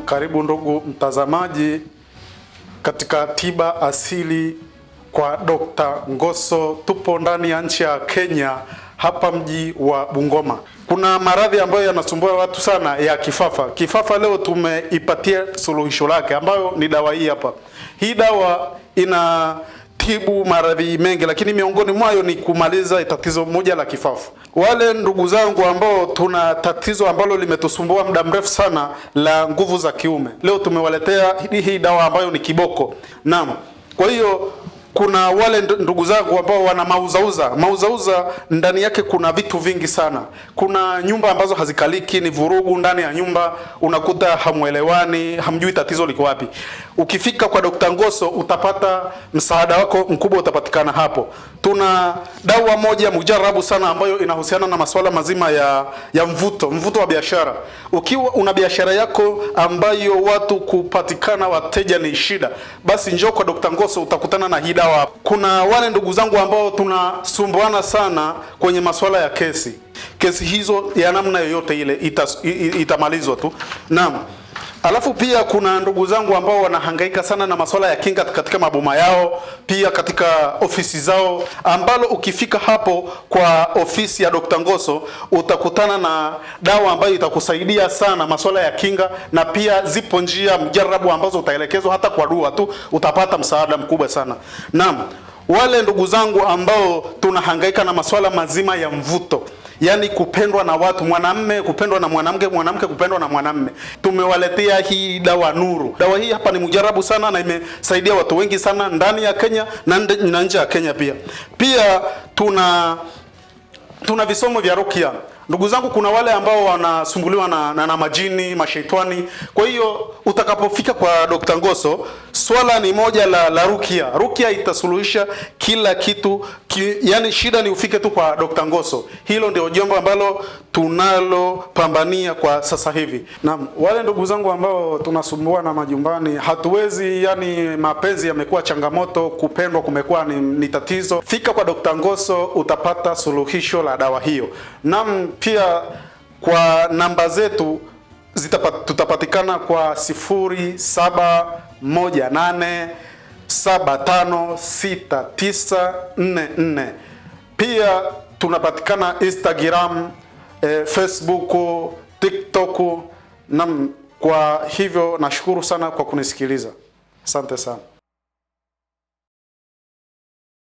karibu ndugu mtazamaji katika tiba asili kwa Dr. Ngoso. Tupo ndani ya nchi ya Kenya hapa mji wa Bungoma. Kuna maradhi ambayo yanasumbua watu sana ya kifafa. Kifafa leo tumeipatia suluhisho lake ambayo ni dawa hii hapa. Hii dawa ina kutibu maradhi mengi, lakini miongoni mwayo ni kumaliza tatizo moja la kifafa. Wale ndugu zangu ambao tuna tatizo ambalo limetusumbua muda mrefu sana la nguvu za kiume, leo tumewaletea hii dawa ambayo ni kiboko. Naam, kwa hiyo kuna wale ndugu zangu ambao wana mauzauza. Mauzauza ndani yake kuna vitu vingi sana. Kuna nyumba ambazo hazikaliki, ni vurugu ndani ya nyumba, unakuta hamuelewani, hamjui tatizo liko wapi ukifika kwa Dr. Ngoso utapata msaada wako mkubwa utapatikana hapo. Tuna dawa moja mujarabu sana ambayo inahusiana na masuala mazima ya, ya mvuto mvuto wa biashara. Ukiwa una biashara yako ambayo watu kupatikana wateja ni shida, basi njoo kwa Dr. Ngoso utakutana na hii dawa. Kuna wale ndugu zangu ambao tunasumbuana sana kwenye masuala ya kesi, kesi hizo ya namna yoyote ile itamalizwa tu. Naam. Alafu pia kuna ndugu zangu ambao wanahangaika sana na masuala ya kinga katika maboma yao, pia katika ofisi zao, ambalo ukifika hapo kwa ofisi ya Dr. Ngoso utakutana na dawa ambayo itakusaidia sana masuala ya kinga, na pia zipo njia mjarabu ambazo utaelekezwa, hata kwa dua tu utapata msaada mkubwa sana. Naam, wale ndugu zangu ambao tunahangaika na masuala mazima ya mvuto yaani kupendwa na watu, mwanamme kupendwa na mwanamke, mwanamke kupendwa na mwanamme. Tumewaletea hii dawa nuru. Dawa hii hapa ni mujarabu sana na imesaidia watu wengi sana ndani ya Kenya na nje ya Kenya pia. Pia tuna tuna visomo vya rukia. Ndugu zangu, kuna wale ambao wanasumbuliwa na, na, na majini mashaitani. Kwa hiyo utakapofika kwa Dr. Ngoso swala ni moja la, la rukia. Rukia itasuluhisha kila kitu ki, yani shida ni ufike tu kwa Dr. Ngoso. Hilo ndio jambo ambalo tunalopambania kwa sasa hivi. Naam, wale ndugu zangu ambao tunasumbua na majumbani hatuwezi, yani mapenzi yamekuwa changamoto, kupendwa kumekuwa ni, ni tatizo. Fika kwa Dr. Ngoso utapata suluhisho la dawa hiyo. Naam, pia kwa namba zetu zitapat, tutapatikana kwa sifuri saba moja nane saba tano sita tisa nne nne. Pia tunapatikana Instagram, e, Facebook, TikTok na kwa hivyo nashukuru sana kwa kunisikiliza. Asante sana.